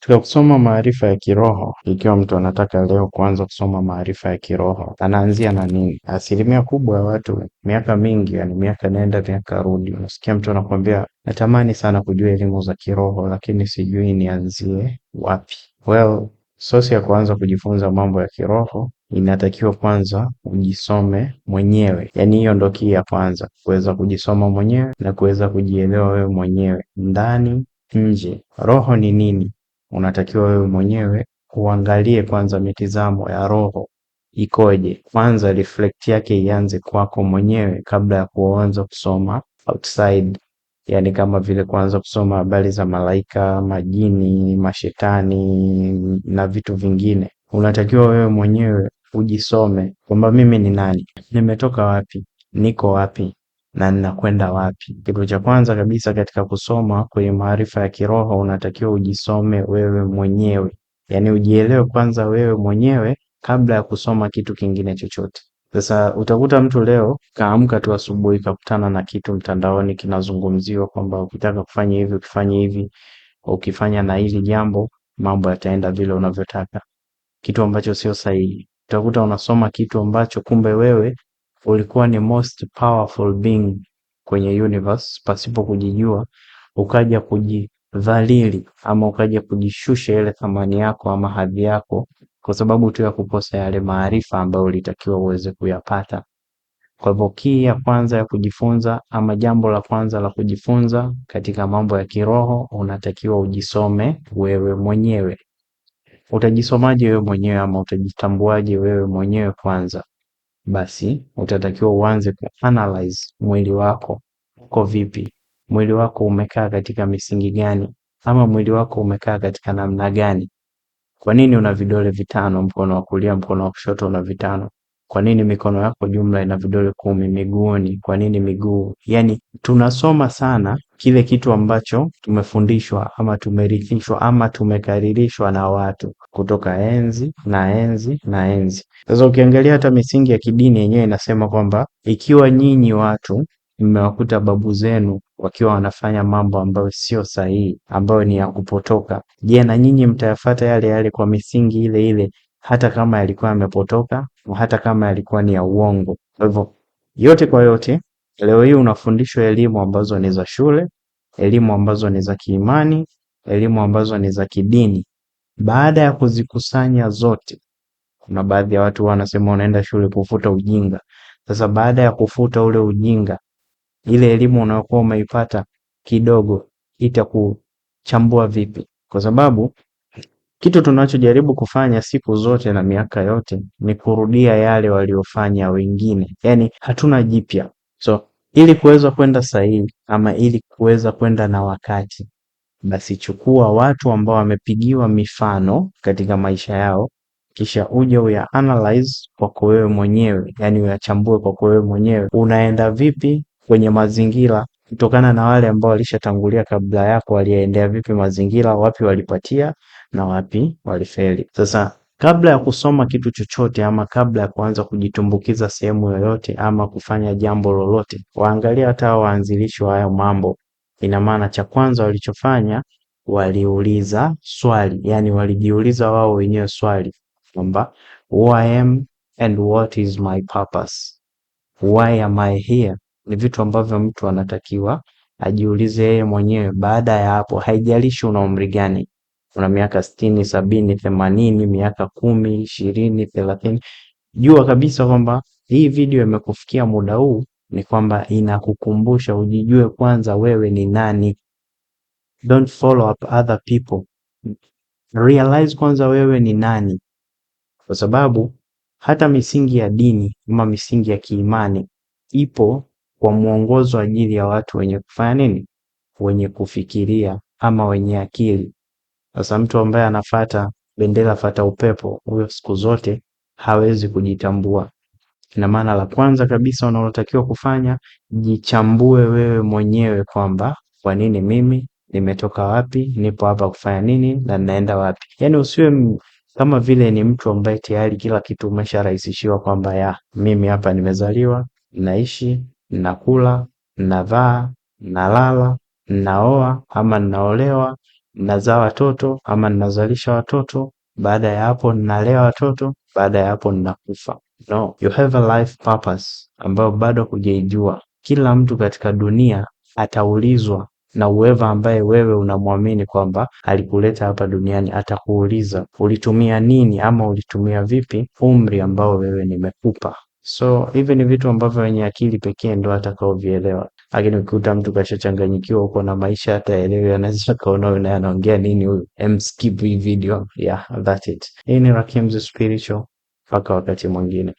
Katika kusoma maarifa ya kiroho, ikiwa mtu anataka leo kuanza kusoma maarifa ya kiroho, anaanzia na nini? Asilimia kubwa ya watu miaka mingi, yani miaka nenda miaka rudi, unasikia mtu anakuambia natamani sana kujua elimu za kiroho, lakini sijui nianzie wapi. Well, sosi ya kuanza kujifunza mambo ya kiroho inatakiwa kwanza ujisome mwenyewe. Yaani hiyo ndo kii ya kwanza, kuweza kujisoma mwenyewe na kuweza kujielewa wewe mwenyewe ndani nje, roho ni nini unatakiwa wewe mwenyewe uangalie kwanza mitizamo ya roho ikoje. Kwanza reflect yake ianze kwako mwenyewe kabla ya kuanza kusoma outside, yani kama vile kuanza kusoma habari za malaika, majini, mashetani na vitu vingine. Unatakiwa wewe mwenyewe ujisome kwamba mimi ni nani, nimetoka wapi, niko wapi, na ninakwenda wapi. Kitu cha kwanza kabisa katika kusoma kwenye maarifa ya kiroho unatakiwa ujisome wewe mwenyewe, yaani ujielewe kwanza wewe mwenyewe kabla ya kusoma kitu kingine chochote. Sasa utakuta mtu leo kaamka tu asubuhi kakutana na kitu mtandaoni kinazungumziwa kwamba ukitaka kufanya hivi ukifanya hivi ukifanya na hili jambo mambo yataenda vile unavyotaka, kitu ambacho sio sahihi. Utakuta unasoma kitu ambacho kumbe wewe Ulikuwa ni most powerful being kwenye universe pasipo kujijua, ukaja kujidhalili ama ukaja kujishusha ile thamani yako ama hadhi yako kwa sababu tu ya kukosa yale maarifa ambayo ulitakiwa uweze kuyapata. Kwa hivyo kii ya kwanza ya kujifunza ama jambo la kwanza la kujifunza katika mambo ya kiroho, unatakiwa ujisome wewe mwenyewe. Utajisomaje wewe mwenyewe ama utajitambuaje wewe mwenyewe kwanza? basi utatakiwa uanze analyze mwili wako uko vipi, mwili wako umekaa katika misingi gani, ama mwili wako umekaa katika namna gani? Kwa nini una vidole vitano, mkono wa kulia, mkono wa kushoto una vitano? Kwa nini mikono yako jumla ina vidole kumi miguuni? Kwa nini miguu? yani tunasoma sana kile kitu ambacho tumefundishwa ama tumerithishwa ama tumekaririshwa na watu kutoka enzi na enzi na enzi. Sasa ukiangalia hata misingi ya kidini yenyewe inasema kwamba ikiwa nyinyi watu mmewakuta babu zenu wakiwa wanafanya mambo ambayo sio sahihi, ambayo ni ya kupotoka, je, na nyinyi mtayafata yale yale kwa misingi ile ile, hata kama yalikuwa yamepotoka, hata kama yalikuwa ni ya uongo? Kwa hivyo yote kwa yote Leo hii unafundishwa elimu ambazo ni za shule, elimu ambazo ni za kiimani, elimu ambazo ni za kidini. Baada ya kuzikusanya zote, kuna baadhi ya watu wanasema wanaenda shule kufuta ujinga. Sasa baada ya kufuta ule ujinga, ile elimu unayokuwa umeipata kidogo itakuchambua vipi? Kwa sababu kitu tunachojaribu kufanya siku zote na miaka yote ni kurudia yale waliofanya wengine, yaani hatuna jipya. So ili kuweza kwenda sahihi ama ili kuweza kwenda na wakati, basi chukua watu ambao wamepigiwa mifano katika maisha yao, kisha uje uya analyze kwako wewe mwenyewe, yani uyachambue kwako wewe mwenyewe. Unaenda vipi kwenye mazingira kutokana na wale ambao walishatangulia kabla yako, waliendea vipi mazingira, wapi walipatia na wapi walifeli. Sasa Kabla ya kusoma kitu chochote ama kabla ya kuanza kujitumbukiza sehemu yoyote ama kufanya jambo lolote, waangalia hata waanzilishi wa hayo mambo. Ina maana cha kwanza walichofanya, waliuliza swali, yani walijiuliza wao wenyewe swali kwamba who I am and what is my purpose, why am I here. Ni vitu ambavyo mtu anatakiwa ajiulize yeye mwenyewe. Baada ya hapo, haijalishi una umri gani kuna miaka sitini, sabini, themanini, miaka kumi, ishirini, thelathini. Jua kabisa kwamba hii video imekufikia muda huu ni kwamba inakukumbusha ujijue kwanza wewe ni nani. Don't follow up other people. Realize kwanza wewe ni nani, kwa sababu hata misingi ya dini ama misingi ya kiimani ipo kwa mwongozo ajili ya watu wenye kufanya nini, wenye kufikiria ama wenye akili. Sasa mtu ambaye anafata bendera fata upepo, huyo siku zote hawezi kujitambua. Ina maana la kwanza kabisa unalotakiwa kufanya, jichambue wewe mwenyewe kwamba kwa nini mimi, nimetoka wapi, nipo hapa kufanya nini na ninaenda wapi. Yaani usiwe kama vile ni mtu ambaye tayari kila kitu umesharahisishiwa kwamba ya mimi hapa nimezaliwa, naishi, nakula, navaa, nalala, naoa ama naolewa ninazaa watoto ama ninazalisha watoto, baada ya hapo ninalea watoto, baada ya hapo ninakufa. No, you have a life purpose ambayo bado hujaijua. Kila mtu katika dunia ataulizwa na uweva ambaye wewe unamwamini kwamba alikuleta hapa duniani, atakuuliza ulitumia nini ama ulitumia vipi umri ambao wewe nimekupa. So hivi ni vitu ambavyo wenye akili pekee ndio atakaovielewa, lakini ukikuta mtu kashachanganyikiwa huko na maisha hata elewi, anaweza kaona huyu naye anaongea nini huyu, em skip hii video. Yeah, that's it. Hii ni Rakim's Spiritual, mpaka wakati mwingine.